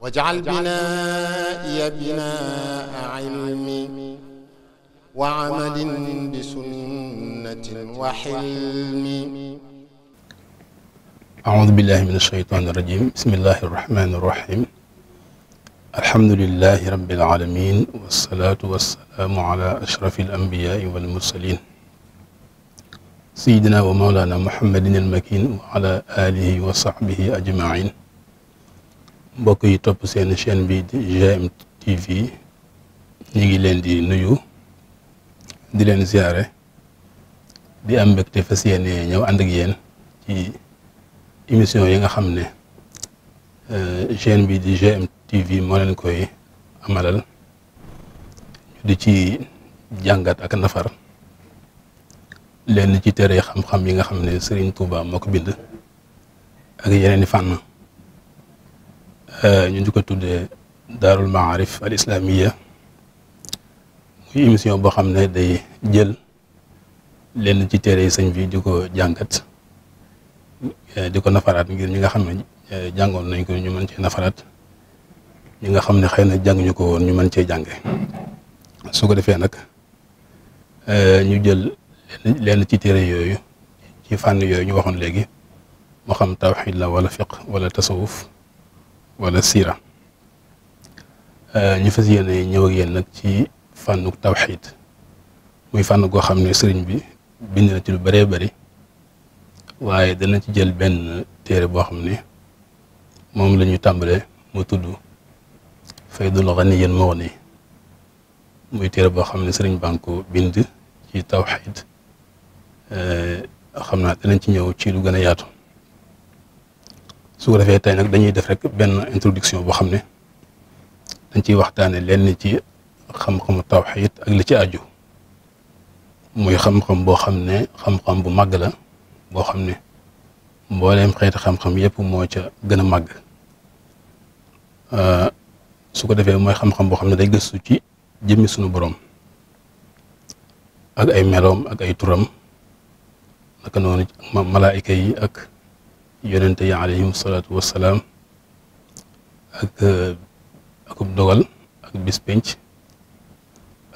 واجعل بنائي بناء علم وعمل بسنة وحلم أعوذ بالله من الشيطان الرجيم بسم الله الرحمن الرحيم الحمد لله رب العالمين والصلاة والسلام على أشرف الأنبياء والمرسلين سيدنا ومولانا محمد المكين وعلى آله وصحبه أجمعين mbokk yi topp seen chaîne bi di GMTV ñu ngi leen di nuyu di leen ziare di am mbégte fas yéene ñëw ànd ak yéen ci émission yi nga xam ne euh, chaîne bi di GMTV moo leen koy amalal di ci jàngat ak nafar lenn ci téere xam-xam yi nga xam ne Serigne Touba moo ko bind ak yeneen fànn. Euh, ñu di ko tuddee daarul maarif al islamiya muy émission boo xam ne day jël lenn ci téere yi sëñ bi di ko jàngat euh, di ko nafaraat ngir ñi nga xam ne euh, jàngoon nañ ko ñu mën ce nafaraat ñi nga xam ne xëy na jàng ñu ko woon ñu mën cee jànge soo ko defee nag ñu jël lenn ci téere yooyu ci fànn yooyu ñu waxoon léegi moo xam tawxid la wala fiq wala tasawuf wala siira euh, ñu fas yéene ñëw ak nag ci fànnu tawxiid muy fànn goo xam ne sëriñ bi bind na ci lu bëree bëri waaye dana ci jël benn téere boo xam ne moom la ñu tàmbalee mu tudd Faydul Ghaniyyil Mughni muy téere boo xam ne sëriñ baa ngi ko bind ci tawxiid euh, xam naa danañ ci ñëw ci lu gën a yaatu. su ko defee tey nag dañuy def rek benn introduction boo xam ne dañ ciy waxtaane lenn ci xam-xamu tawxiid ak li ci aju muy xam-xam boo xam ne xam-xam bu màgg la boo xam ne mbooleem xeeti xam-xam yépp moo ca gën a màgg euh, su ko defee mooy xam-xam boo xam ne day gëstu ci jëmmi sunu borom ak ay meloom ak ay turam naka noonu malaayika yi ak yonente yi alayhim salaatu wassalaam ak uh, akub dogal ak bis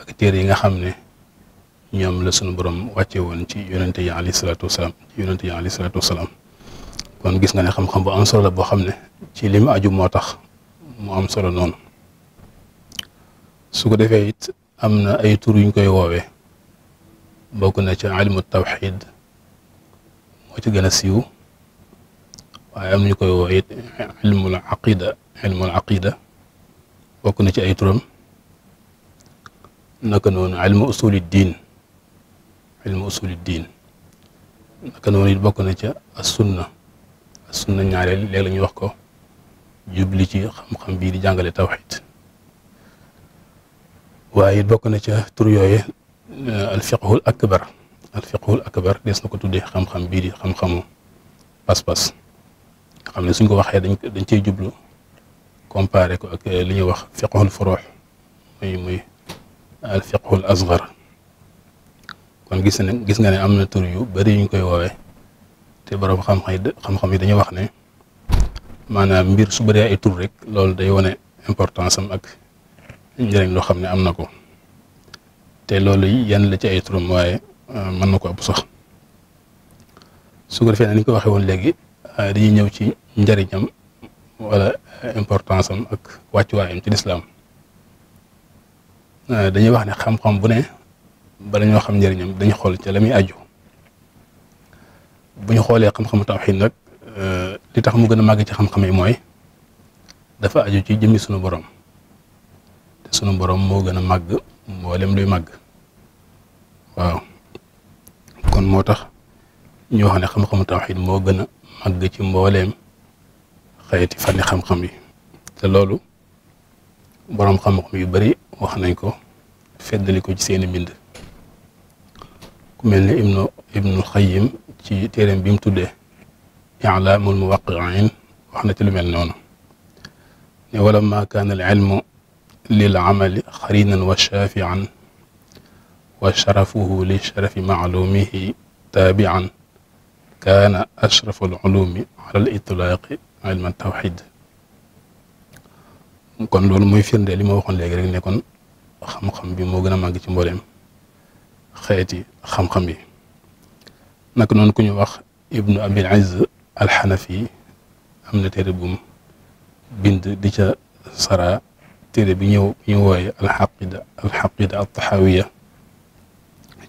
ak téere yi nga xam ne ñoom la sunu borom wàcce woon ci yonente yi alayhi salaatu wassalaam ci yonente yi alayhi salaatu wassalaam kon gis nga ne xam-xam bu am solo la boo xam ne ci li aju moo tax mu am solo noonu su ko defee it am na ay tur yuñ koy woowe bokk na ci ilmu tawxid moo ci gën a siiw waaye am ñu koy woo it ilmul aqida ilmul aqida bokk na ci ay turam naka noonu ilmu usuli diin ilmu usuli diin naka noonu it bokk na ca sunna sunna ñaareel léeg la ñuy wax ko jubli ci xam-xam bii di jàngale tawxid waaye it bokk na ca tur yooyu eh, alfiqhul akbar alfiqhul akbar des na ko tuddee xam-xam bii di xam-xamu pas-pas xam ne suñ ko waxee dañ dañ cey jublu comparé ko ak eh, li ñuy wax fiqhul furuux muy muy al eh, fiqhul asgar kon gis ne gis nga ne am na tur yu bari yuñ koy woowee te borom xam-xam yi dañuy wax ne maanaam mbir su bëree ay tur rek loolu day wane importance am ak njëriñ loo xam ne am na ko te loolu yan la ci ay turam waaye eh, mën na ko ab sax su ko defee ne ni ñu ko waxee woon léegi Euh, dañuy ñëw ci njariñam walla euh, important am ak wàcc wàccuwaayam ci lislaam euh, dañuy wax ne xam-xam bu ne bala ñoo xam njariñam dañu xool ca la muy aju bu ñu xoolee xam-xamu tawxiid nag li tax mu gën a màgg ci xam-xam yi mooy dafa aju ci jëmmi sunu boroom te sunu boroom moo gën a màgg mboolem luy màgg waaw kon moo tax ñu wax ne xam-xamu tawxiid moo gën màgg ci mbooleem xeeti fànni xam-xam yi te loolu boroom xam-xam yu bari wax nañ ko feddali ko ci seeni mbind ku mel ne ibnu ibnu xayim ci téeréem bi mu tuddee i'laamul muwaqqi'in wax na ci lu mel noonu ne wala ma kaana al ilmu lil amali xarinan wa shaafian wa sharafuhu li sharafi maalumihi taabian kaana ashrafu al ulumi ala al itlaaqi ilman tawxid kon loolu muy firnde li ma waxoon léegi rek ne kon xam-xam bi moo gën a màgg ci mbooleem xeeti xam-xam bi naka noonu ku ñu wax ibnu abil izz alxanafi am na téere bu bind di ca sara téere bi ñëw ñu wooye alxaqida alxaqida altaxawiya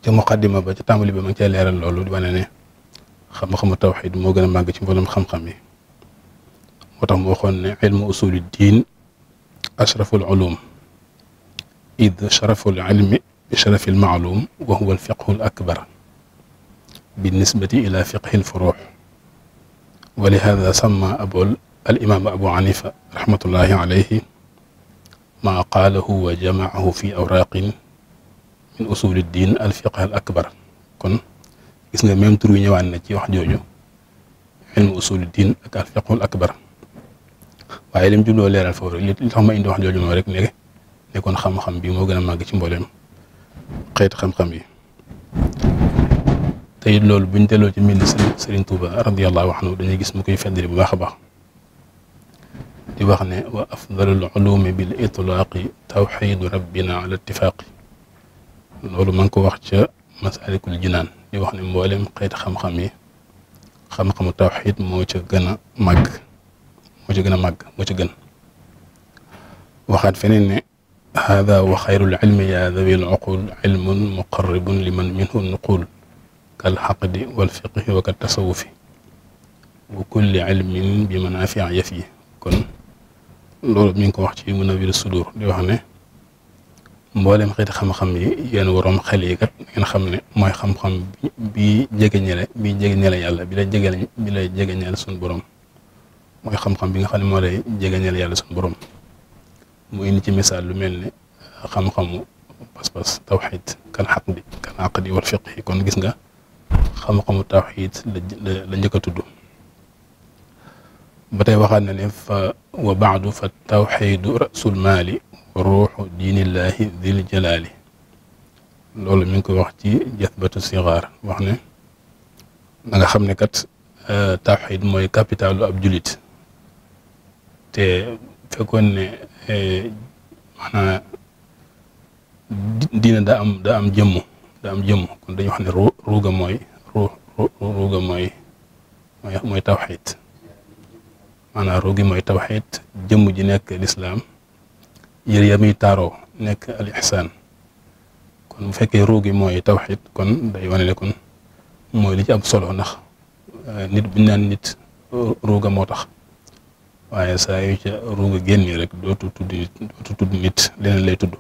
ca muqaddima ba ca tàmbali ba ma ngi leeral loolu di wane xam-xamu tawxid moo gën a màgg ci mboolem xam-xam yi moo tax mu waxoon ne ilmu usuli diin ashraful ulum id sharaful ilmi bi sharafil maalum wa huwa alfiqhu al akbar bi nisbati ila fiqhi alfurux wa lihada sama abul alimaamu abu hanifa rahmatullahi alayhi maa qaalahu wa jamaahu fi awraqin min usuli diin alfiqh al akbar kon gis nga même tur wi ñëwaat na ci wax jooju ilmu usulu diin ak al fiqhul akbar waaye lim jubloo leeral foofu rek li tax ma indi wax jooju moom rek ne nekkoon xam-xam bi moo gën a màgg ci mbooleem xeet xam-xam yi te loolu buñ delloo ci mbind Serigne Touba radiyallahu anhu dañuy gis mu koy feddali bu baax a baax di wax ne wa afdalul ulumi bil itlaaqi tawxidu rabbina ala ittifaaqi loolu ma ko wax ca masalikul jinaan ñu wax mboolem xeeti xam-xam yi xam-xamu tawxiid moo ca gën a màgg moo ca gën a màgg moo ca gën waxaat feneen ne hada wa xayrul ilmi yaa dawi l uqul ilmun muqarribun minhu nuqul kal xaqdi wa kat tasawufi wa kulli ilmin bi manaafi yi kon loolu mi ngi ko wax ci Munawwirus Sudur di wax ne mbooleem xeeti xam-xam yi yéen waroom xel yi kat ngeen xam ne mooy xam-xam bi jege ñele bi jege ñele yàlla bi lay jege bi lay jege ñele suñu borom mooy xam-xam bi nga xam ne moo lay jege ñele yàlla suñ borom mu indi ci misaal lu mel ne xam-xamu pas-pas tawxiid kan aqdi kan aqdi wal fiqhi kon gis nga xam-xamu tawxiid la la a tudd ba tey waxaat na ne fa wa baadu fa tawxiidu rasul maali ruuxu diinillaahi dil jalaali loolu mi ngi ko wax ci jathbatu sigaar wax ne na nga xam ne kat euh, tawxiid mooy capitalu ab julit te fekkoon ne euh, maanaa diina am am jëmm daa am jëmm kon dañu wax ruuga mooy ruux ruuga mooy mooy mooy tawxiid mooy tawxiid jëmm ji nekk lislaam yër ya muy taaroo nekk al ihsaan kon bu fekkee ruugi mooy tawxid kon day wane ne mooy li ci am solo nax euh, nit bu naan nit ruuga moo tax waaye sa yu ca ruuga rek dootu tudd nit dootu tudd lay tudd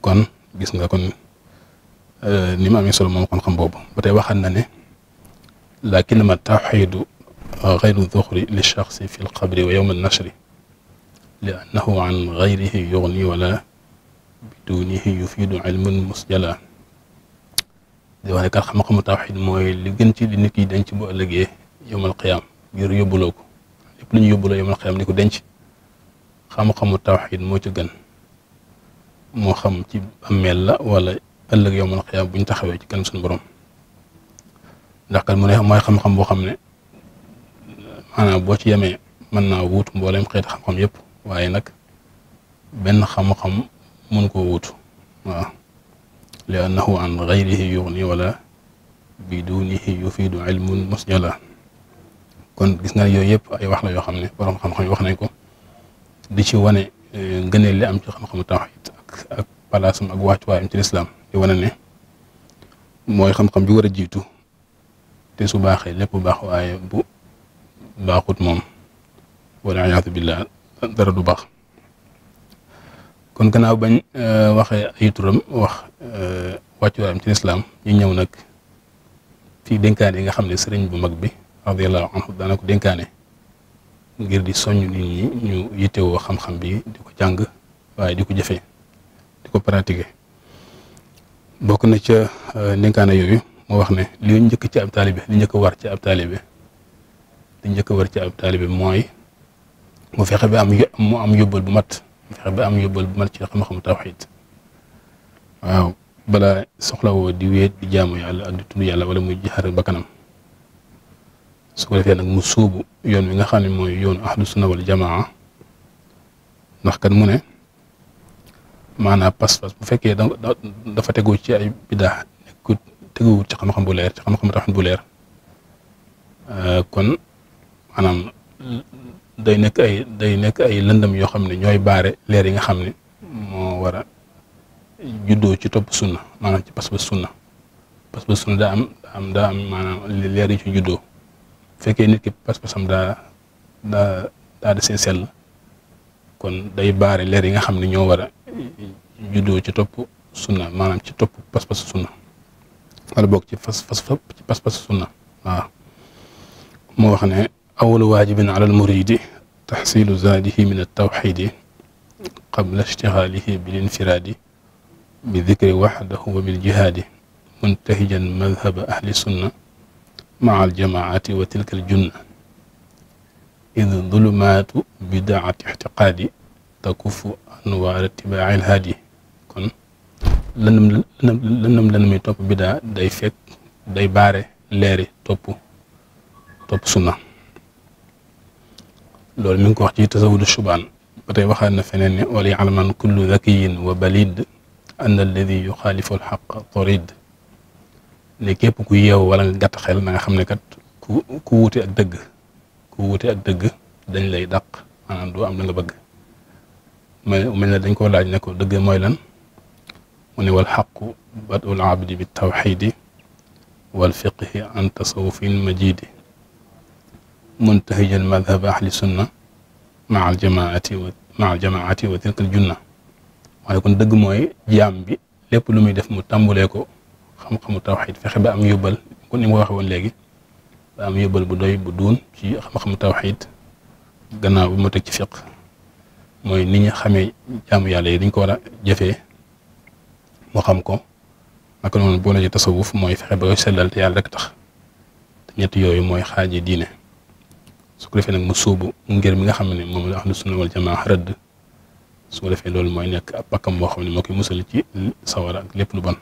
kon gis nga kon euh, ni mu amee solo moom xam-xam boobu ba tey na ne lakin ma tawxidu xayru duxri li shaxsi fi l qabri wa yowm an li annahu an gayrihi yugni wala bidunihi yufidu ilmun musjala di wax ne xam-xamu tawxid mooy li gën ci li nit ki denc bu ëllëgee yowmal qiyaam ngir yóbbuloo ko lépp lu ñu yóbbuloo yowmal qiyaam di ko denc xam-xamu tawxid moo ci gën moo xam ci bàmmeel la wala ëllëg yowmal qiyaam bu ñu taxawee ci kanam suñu borom ndax kat mu ne mooy xam-xam boo xam ne maanaam boo ci yemee mën naa wuut mbooleem xeeti xam-xam yëpp waaye nag benn xam-xam mun koo wutu waaw li annahu an gayrihi yugni wala bidunihi yufidu ilmun musjala kon gis nga yooyu yëpp ay wax la yoo xam ne borom xam-xam yi wax nañ ko di ci wane eh, gëneel li am ci xam-xamu tawxiid ak ak palaasam ak wàccuwaayam ci lislaam di wane ne mooy xam-xam bi war a jiitu te su baaxee lépp baax waaye bu baaxut moom wala iyaatu billah dara du baax kon gannaaw bañ euh, waxee ay turam wax euh, wàccuwaayam ci lislaam ñu ñëw nag fii denkaane yi nga xam ne sëriñ bu mag bi radiyallahu anhu daana ko dénkaane ngir di soññ nit ñi ñu yittewoo xam-xam bi di ko jàng waaye di ko jëfee di ko pratiquer bokk na ca euh, dénkaane yooyu moo wax ne li njëkk ci ab taalibe li njëkk war ci ab taalibe li njëkk war ci mooy mu fexe bi am mu am yóbbal bu mat mu fexe ba am yóbbal bu mat ci xam-xamu tawxiid waaw balaa soxlawoo di wéet di jaamu yàlla ak di tudd yàlla wala muy jaxar bakkanam su ko defee nag mu suubu yoon wi nga xam ne mooy yoonu ahlu sunna wal jamaa ndax kan mu ne maanaam pas-pas bu fekkee dafa tegu ci ay bidaa nekkut teguwut ci xam bu leer ci xam-xam bu leer kon maanaam day nekk ay day nekk ay lëndëm yoo xam ne ñooy baare leer yi nga xam ne moo war a juddoo ci topp sunna maanaam ci pas ba sunna pas ba sunna daa daa am am maanaam leer ci juddoo fekkee nit ki pas-pasam daa daa daa di kon day baare leer yi nga xam ne ñoo war a juddoo ci topp sunna maanaam ci topp pas-pas sunna wala boog ci fas fas ci pas-pas sunna waaw moo wax ne awalu waajibin ala almuridi taxsilu zaadihi min altawxidi qabla ishtigaalihi bilinfiraadi bi dikri waxdahu wa biljihaadi muntahijan madhaba ahli sunna maa aljamaati wa tilka aljunna id dulumaatu bidaati ixtiqaadi takufu anwaar itibaaci alhaadi kon lanam lanam lanam mi topp bidaa day fekk day baare leeri topp topp sunna loolu mi ngi ko wax ci tasawudu shubaan ba tey waxaat na feneen ne wala yalaman kullu zakiyin wa balid an alladi yuxaalifu alxaq torid ne képp ku yeew wala nga gàtt xel na xam ne kat ku ku wuute ak dëgg wuute dëgg dañ lay daq maanaam doo am na nga bëgg mais mel na dañ koo laaj ne ko dëgg mooy lan mu ne wal xaqu badul abdi bi tawxidi wal an tasawufin majidi muntahijal madhaba ahli sunna maa aljamaati wa maa aljamaati wa tilka aljunna waaye kon dëgg mooy jaam bi lépp lu muy def mu tàmbulee ko xam-xamu tawxid fexe ba am yóbbal kon ni ma waxe woon léegi ba am yóbbal bu doy bu duun ci xam-xamu tawxid gannaaw bu mu teg ci fiq mooy ni ñu xamee jaamu yàlla yi dañ ko war a jëfee mu xam ko naka noonu boo la tasawuf mooy fexe ba sellal te yàlla rek tax ñetti yooyu mooy xaaji diine su ko defee nag mu suubu ngir mi nga xam ne moom a la ahlu sunna wal jamaa rëdd su ko defee loolu mooy nekk ab pakkam boo xam ne moo koy musal ci sawara lépp lu bon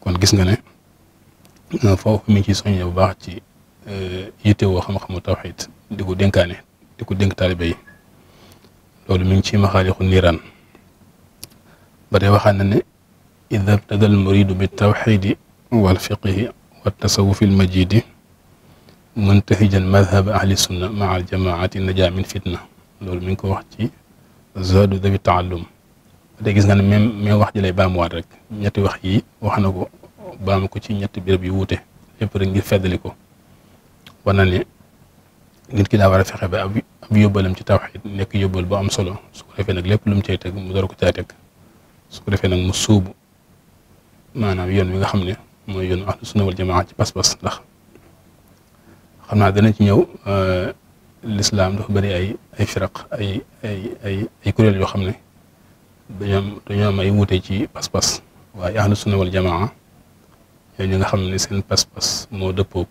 kon gis nga ne euh, foofu mi ngi ciy bu baax ci euh, yittewoo xam-xamu tawxiid di ko denkaane di ko dénk taalibe yi loolu mi ngi ciy maxaalixu niiraan ba tey waxaan na ne ida btada al muridu bi tawxiidi wal fiqihi wa tasawufi al majidi muntahijan madhab ahli sunna maa aljamaati najaa min fitna loolu mi ngi ko wax ci zaadu dawi taallum te gis nga ne même même wax ji lay baamuwaat rek ñetti wax yi wax na ko baamu ko ci ñetti béréb yi wuute lépp rek ngir feddali ko war na ne nit ki daa war a fexe ba ab yóbbalam ci tawxiid nekk yóbbal boo am solo su ko defee nag lépp lu mu cay teg mu door ko cay teg su ko defee nag mu suubu maanaam yoon wi nga xam ne mooy yoon ahlu sunna wal jamaa ci pas-pas ndax xam naa dana ci ñëw euh, lislaam dafa bari ay ay firaq ay ay ay yoo xam ne dañoo am ay wuute ci pas-pas waaye ahlu sunna wal jamaa ñoo nga xam ne seen pas-pas moo dëppook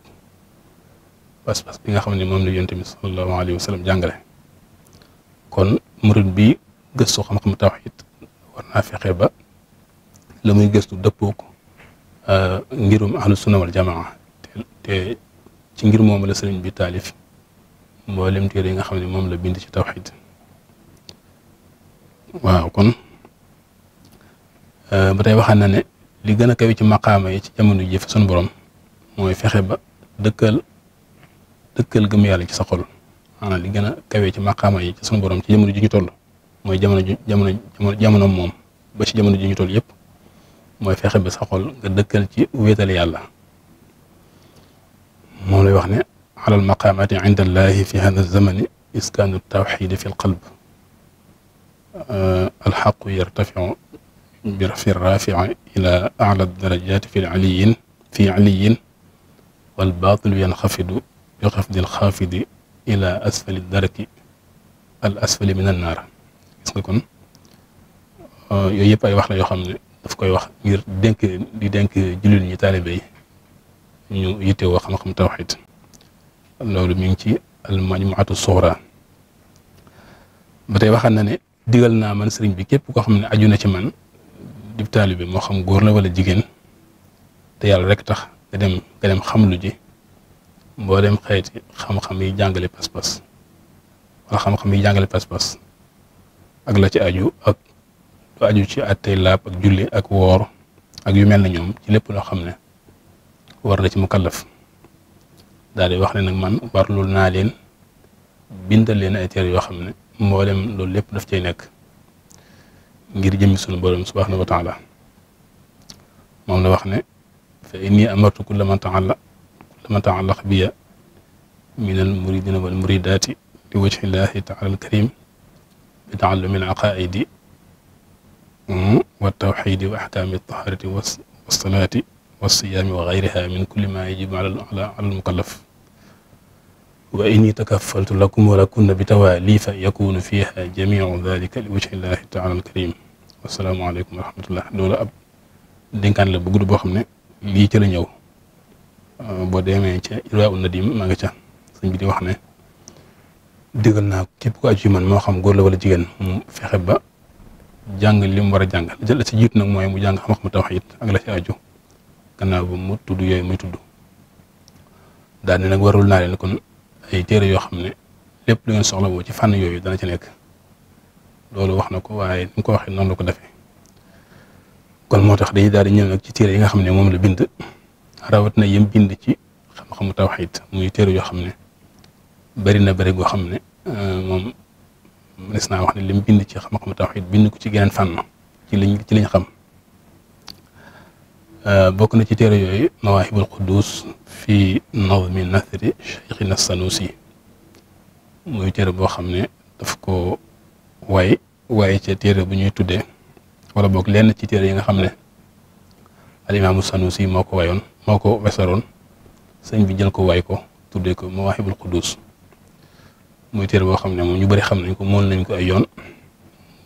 pas-pas bi nga xam ne moom la yonent bi sallallahu alayhi wa jàngale kon murid bi gëstu xam-xam tawhid war fexe ba la muy gëstu dëppoog euh, ngirum ahlu sunna wal jamaa te ci ngir moom la sëriñ bi taalif mboolem téere yi nga xam ne moom la bind ci tawxid waaw kon euh, ba tey waxaan na ne li gën a kawe ci maqaama yi ci jamono ji fa borom mooy fexe ba dëkkal dëkkal gëm yàlla ci sa xol li gën a kawe ci maqaama yi ci sun borom ci jamono ji ñu toll mooy jamono ju jamono jamono moom ba ci jamono ji ñu toll yëpp mooy fexe ba sa xol nga dëkkal ci wéetal yàlla moom lay wax ne ala almaqamati inda allahi fi hada alzamani iskaanu tawxidi fi lqalb alxaqu yartafiu fi rafii ila ala darajati fi aliyin fi aliyin walbaatilu yanxafidu bi xafdi alxaafidi ila asfali daraki al asfali min annaar gis nga kon yooyu yëpp ay wax la yoo xam ne daf koy wax ngir dénk di dénk jullit ñi taalibe yi ñu yittewoo xam-xam tawxid loolu mi ngi ci al majmuatu soora ba te waxaat na ne digal naa man sëriñ bi képp koo xam ne aju na ci man dib bi moo xam góor la wala jigéen te yàlla rek tax nga dem nga dem xam lu ji mboolem xeeti xam-xam yi jàngale pas-pas wala yi jàngale pas ak la ci aju ak lu aju ci àttey laab ak julli ak woor ak yu mel na ñoom ci lépp loo xam ne war na ci mu kallaf daal di wax ne nag man warlul naa leen bindal leen ay téere yoo xam ne mboolem loolu lépp daf cay nekk ngir jëmmi sunu borom subhaanahu wa taala moom la wax ne fa inni amartu kulla man taala kulla man taallaq biya min al muridina wal li wajhi llahi taala karim bi taallumi al aqaaidi wa tawxidi wa ahkaami taharati wa salaati والصيام وغيرها من كل ما يجب على على المكلف وإني تكفلت لكم ولكن بتوالي فيكون فيها جميع ذلك لوجه الله تعالى الكريم wasalaamaaleykum wa rahmatullah loolu ab la bu gudd boo xam ne lii ci euh, boo demee ca Irwa u Nadim maa nga ca sëñ di wax ne digal naa képp ku aju ci man moo xam góor la wala jigéen mu fexe ba jàng li mu war a jàngal jël la ci jiitu nag mooy mu jàng xam-xam tawhiid ak la ci aju gannaaw ba mu tudd yooyu muy tudd daal ne nag warul naa leen kon ay téere yoo xam ne lépp lu ngeen soxla woo ci fànn yooyu dana ci nekk loolu wax na ko waaye ni mu ko waxee noonu la ko defee kon moo tax dañuy daal di ñëw ci téere yi nga xam ne moom la bind rawat na yem bind ci xam-xamu tawxiid muy téere yoo xam ne bari na bari goo xam ne euh, moom mënees naa wax ne lim bind ci xam-xamu tawxiid bind ko ci geneen fànn ci liñ ci liñ xam Euh, bokk na ci téere yooyu mawaahibul quddus fi nazmi nasri cheikhina sanusi mooy téere boo xam ne daf ko waay waaye ca téere bu ñuy tuddee wala boog lenn ci téere yi nga xam ne al imaamu sanusi moo ko wayoon moo ko wesaroon sëñ bi jël ko waay ko tuddee ko mawaahibul quddus muy téere boo xam ne moom ñu bari xam nañ ko mool nañ ko ay yoon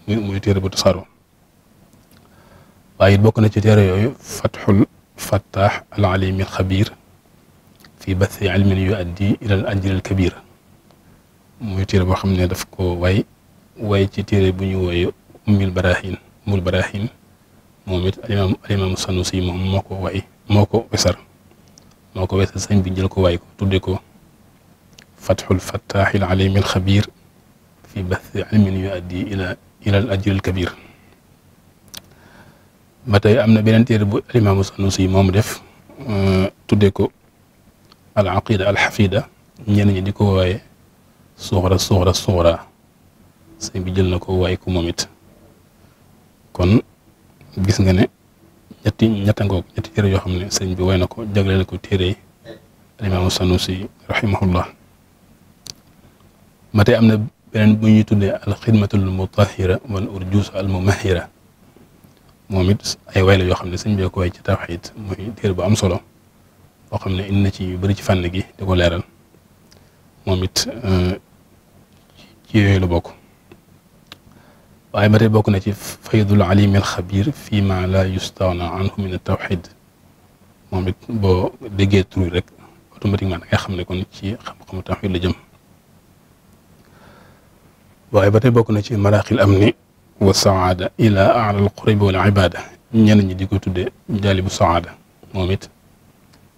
muy muy téere bu tasaaroo waaye it bokk na ci téere yooyu fatxul fattaax al alimi al fi bathi ilmin yu addi ila al ajri al kabir muy téere boo xam ne daf ko way way ci téere bu ñu wooye ummil barahin ummul barahin moom it alimaam alimaamu sanusi moom moo ko way moo ko wesar ko sëñ bi jël ko way ko tudde ko fatxul fattaax al alimi fi bathi ilmin yu addi ila ila al ba tey am na beneen téere bu alimaamu Sanusi moom def euh, tuddee ko al aqida al xafida ñenn ñi di ko wooye suxra suxra suxra sëñ bi jël na ko waaye ko moom kon gis nga ne ñetti ñettangoog ñetti téere yoo xam ne sëñ bi way na ko jagleel ko téere alimaamu Sanusi rahimahullah ba tey am na beneen bu ñuy tuddee al xidmatul mutahira wal urjuus al mumahira moom it ay way yoo xam ne sëñ bi ko way ci tawxiid muy téere bu am solo boo xam ne indi na ci yu bari ci fànn gi di ko leeral moom it euh, ci yooyu la bokk waaye ba tey bokk na ci faydul alim al xabir fii ma la yustawna anhu min tawxiid moom it boo déggee tur rek automatiquement da ngay xam ne kon ci xam tawxiid la jëm waaye ba tey bokk na ci maraaxil am ni wa saada ila ala al qurbi wal ibada ñenn ñi di ko tudde saada moom it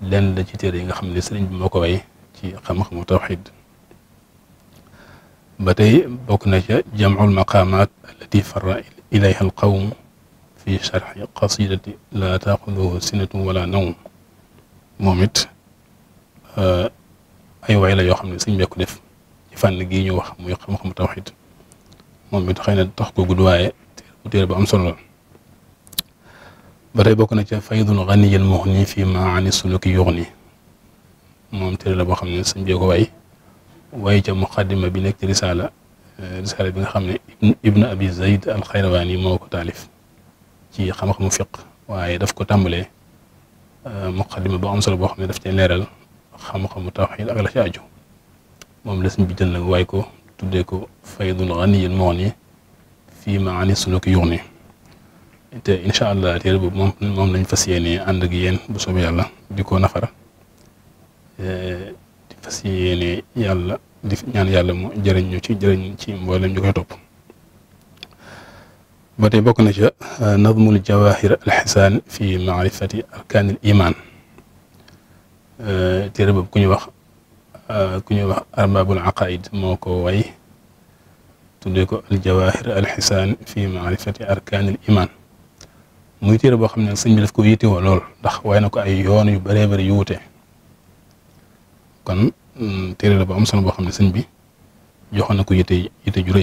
lenn la ci yi nga xam ne sëriñ bi moo ko way ci xam-xamu tawxid ba tey bokk na ca jamcul maqaamaat allati farra ilayha al qawm fi charxi qasidati la taaxuduhu sinatu wala nawm moom euh, ay way la yoo xam ne sëriñ bi ko def ci fànn gii ñu wax muy xam-xamu tawxid moom it xëy na tax ko gudd waaye téere bu am solo la ba tey bokk na ca faydul ganiyil muxni fii maani suluki yuxni moom téere la boo xam ne sëñ bi ko way waaye ca muqaddima bi nekk ci risaala eh, risaala bi nga xam ne ibnu abi zayd al xayrawaani moo ko taalif ci xam-xamu fiq waaye daf ko tàmbalee eh, muqaddima boo am solo boo xam ne daf cee leeral xam-xamu tawxiid ak la ci aju moom la sëñ bi jël nag waay ko tuddee ko faydul ganiyil mughni fii maani suluk yughni te incha allah téere boobu moom moom lañ fas yéenee ànd ak yéen bu soobee yàlla di ko nafar di fas yéenee yàlla di ñaan yàlla mu jëriñ ñu ci jëriñ ci mboolem ñu koy bokk na ca euh, nadmul jawahir alxisaan fi maarifati arkaanil imaan euh, téere boobu ku ñu wax. Euh, ku ñuy wax arbabul moo ko way tuddee ko aljawahir alxisaan fi maarifati arkaanil imaan muy téere boo xam ne sëñ bi daf ko yittewoo lool ndax way na ko ay yoon yu bëree bëri yu kon mm, téere la bu am boo xam ne sëñ bi joxoon na ko yitte yitte ju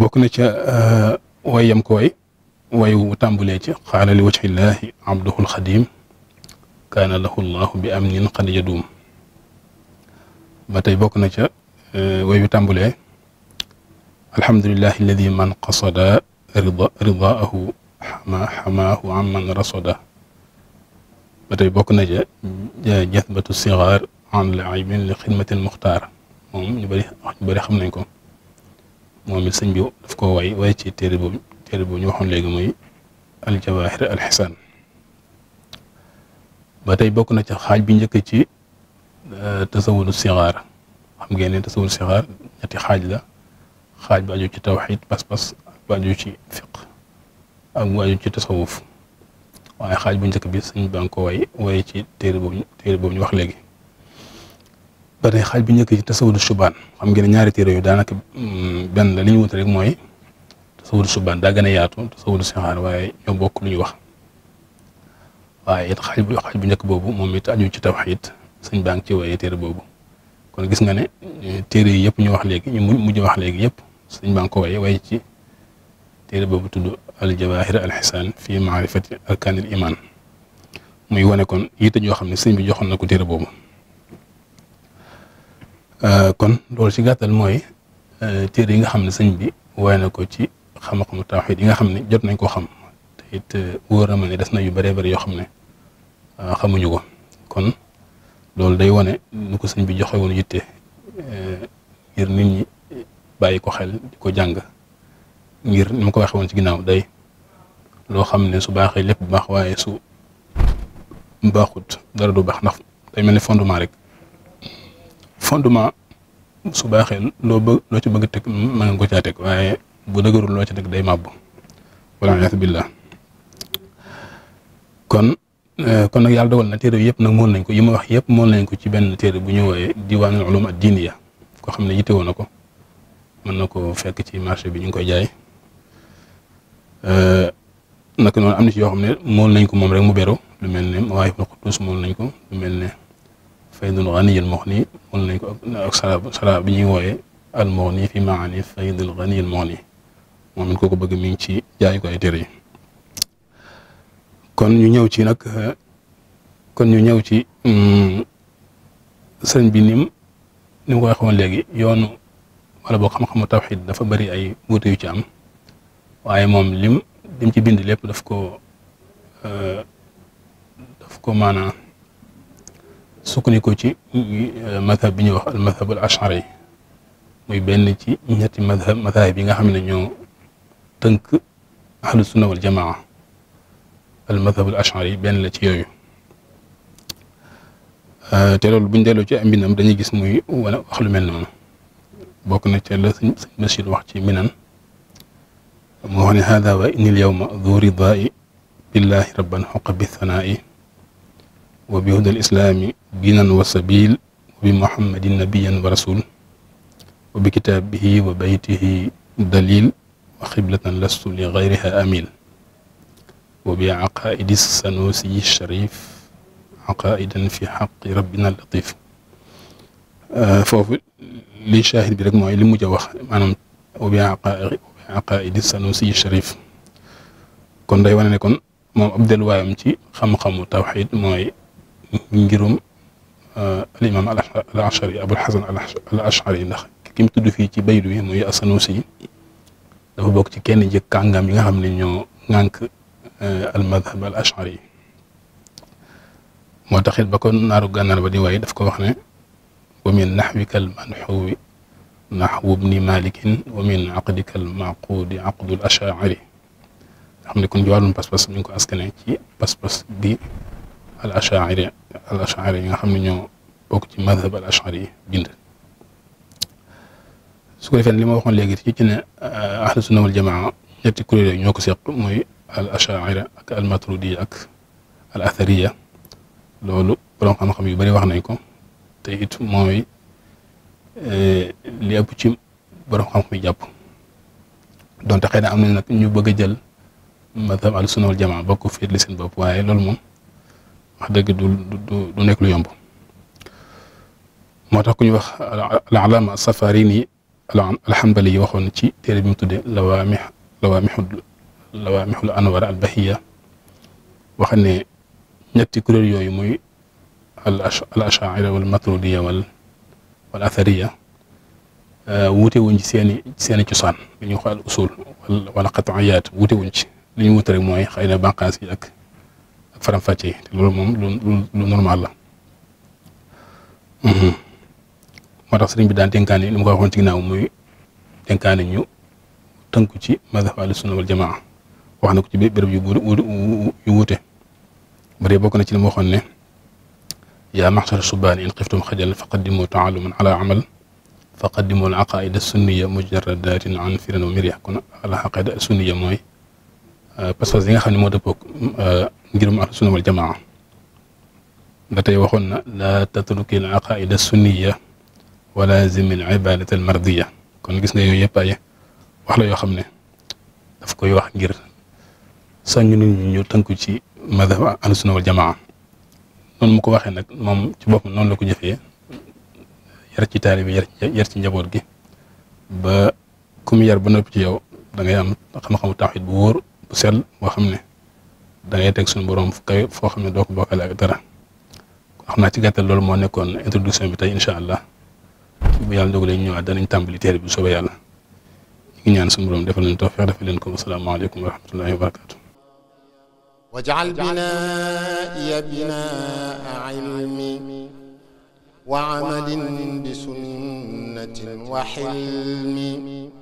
bokk na ca euh, wayam ko way way wu tàmbulee ci xaala li wajhillahi abduhul xadim lahu llahu bi qad yaduum ba tey bokk na ca euh, way bi tàmbulee alhamdulilah alladi man qasada rida ridaahu xama xamaahu amman rasada ba tey bokk na ca jathbatu sigaar an laibin li xidmatil muxtaar moom ñu bëri ñu bëri xam nañ ko moom it sëñ bi daf koo ci téere boobu téere boobu ñu ba tey bokk na ca xaaj bi njëkk Euh, tasawulu sixaar xam ngeen ne tasawulu sixaar xaaj la xaaj bu aju ci tawxid pas-pas ak bu aju ci fiq am bu aju ci tasawuf waaye xaaj bu njëkk bi sëñ baa ngi ko way way ci téere boobu téere boobu ñu wax léegi ba tey xaaj bu njëkk ci tasawulu suban xam ngeen ñaari téere yu daanaka mm, benn li ñu wut rek mooy tasawulu subaan daa gën a yaatu tasawulu sixaar waaye ñoo bokk lu ñu wax waaye it xaaj bu xaaj bu njëkk boobu moom it aju ci tawxid sëñ baa ngi ci woyee téere boobu kon gis nga ne eh, téere yi yëpp ñu wax léegi ñu mujj wax léegi yëpp sëñ baa ko woyee woye ci téere boobu tudd al jawahir al xisaan fi maarifati arkaanil iman muy wane kon yitte joo xam ne sëñ bi joxoon na ko téere boobu eh, kon loolu ci gàttal mooy eh, téere yi nga xam ne sëñ bi woye na ko ci xam-xamu tawxiid yi nga xam ne jot nañ ko xam te it wóor na ma ne des na yu bëree bëri yoo xam ne xamuñu ko loolu day wane mm. nu ko sëñ bi joxe woon yitte eh, ngir nit ñi bàyyi ko xel ko jàng ngir ni ma ko waxee woon ci ginnaaw day loo xam ne su baaxee lépp bu baax waaye su baaxut dara du baax ndax day mel ni fondement rek fondement su baaxee loo bëgg loo ci bëgg teg mën nga ko caa teg waaye bu dëgërul loo ci degg day màbbu wala billah kon Euh, kon nag yàlla dogal na téere yëpp nag mool nañ ko yi ma wax yëpp mool nañ ko ci benn téere bu ñu wooyee diwaanul ulum ad diiniya ko xam ne yitewoo woona ko mën na ko fekk ci marché bi ñu ngi koy jaay euh, naka noonu am na si yoo xam ne mool nañ ko moom rek mu bero lu mel ne mawaahibul quddus mool nañ ko lu mel ne faydul ganiyil mughni mool nañ ko ak sala bi ñuy wooyee al mughni fi ma faydul ganiyil mughni moom it kooku bëgg mi ngi ci jaay ko téere yi kon ñu ñëw ci nag euh, kon ñu ñëw ci mm, sëriñ bi nim ni mu ko léegi yoonu wala boo xam-xamu tawxiid dafa bari ay wuute yu ci am waaye moom lim lim ci bind lépp daf ko euh, daf ko maanaa sukkandiku ci euh, madhab bi ñuy wax al madhabul ashari muy benn ci ñetti madhab madhab yi nga xam ne ñoo tënk ahlu sunna wal almadhabul ashari benn la ci yooyu euh, te loolu buñ delloo ci mbindam dañuy gis muy wala wax lu mel noonu bokk na ci la sëñ Bachir wax ci minan moo wax ne hada wa inil yowma du ridaai billahi rabban xoqa bi thanaa'i wa bi huda alislaami diinan wa sabil wa bi muhammadin nabiyan wa rasul wa bi kitaabihi wa baytihi dalil wa xiblatan lastu li gayriha amil wa bi aqaaidi sanusi sharif aqaaidan fi xaqi rabbina latif foofu li shahid bi rek mooy li mu a wax maanaam wa bi aqaaidi sanusi sharif kon day wane ne kon moom ab delluwaayam ci xam-xamu tawxid mooy ngirum al imam al ashari abul xasan al ashari ndax ki mu tudd fii ci baydu bi muy dafa bokk kenn jëkk kàngam yi nga xam ne al madhab al ashari moo ba ko naaru gànnaar ba di waaye daf ko wax ne wa min naxwika al manxuwi naxwu bni malikin wa min aqdika al maquudi aqdu al ashaari xam ne kon ci wàllum pas-pas ngi ko askane ci pas-pas bi al ashaari al yi nga xam ne ñoo bokk ci madhab al ashari yi bind su ko li ma waxoon léegi ci ci ne euh, ahlu sunna wal jamaa ñetti ñoo ko seq mooy al ashaira ak al maturidiya ak al athariya loolu borom xam-xam yu bari wax nañ ko te it mooy eh, li ëpp ci borom xam-xam yi jàpp donte xëy na am na nag ñu bëgg a jël madhab al sunna wal jamaa bokk féet li seen bopp waaye loolu moom wax dëgg du du nekk lu yomb moo tax ku ñu wax al alaama safarini al hanbali yi waxoon ci téere bi mu tudde lawaamix lawaamixu lawaamihul anwaar al bahiya wax ne ñetti kuréel yooyu muy al ashaira wal maturidiya wal wal athariya euh, wuute wuñ ci seeni seeni cosaan li ñuy xool usul wala qat'iyaat wuute wuñ ci li ñu rek mooy xëy na bànqaas yi ak ak yi te loolu moom lu lu normal la mhm. moo tax sëriñ bi daan dénkaane ni mu waxoon ci ginnaaw muy dénkaane ñu tënku ci mazhab ahlu sunna wal jamaa wax na ko ci béréb yu yu wuute ba dee bokk na ci li mu waxoon ne yaa maxsara subaani in xiftum xajal faqaddimu taaluman ala amal faqaddimu al aqaida sunniya mujaradatin an firan wa mirya kon al sunniya mooy euh, pas-pas nga xam ne moo dëppoog euh, ngirum ahlu sunna wal jamaa ba tey waxoon na laa tatruki al aqaida sunniya wa laazimi al ibadata mardiya kon gis nga yooyu yëpp ay wax la yoo xam ne daf koy wax ngir soññ nit ñi ñu tënku ci madhab ahlu sunna wal jamaa noonu mu ko waxee nag moom ci boppam noonu la ko jëfee yar ci taalibi yar yar ci njaboot gi ba ku yar ba noppi ci yow da ngay am xam-xamu tawxiid bu wóor bu sell boo xam ne da ngay teg suñu borom fu kawe foo xam ne doo ko bokkale dara xam naa ci gàttal loolu moo nekkoon introduction bi tey incha allah bu yàlla dogalee ñu ñëwaat danañ tàmbali bi soo soobee yàlla ñu ngi ñaan suñu borom defal leen tawfiq defal leen ko asalaamaaleykum wa rahmatullahi wa barakatu واجعل بنائي بناء علم وعمل بسنة وحلم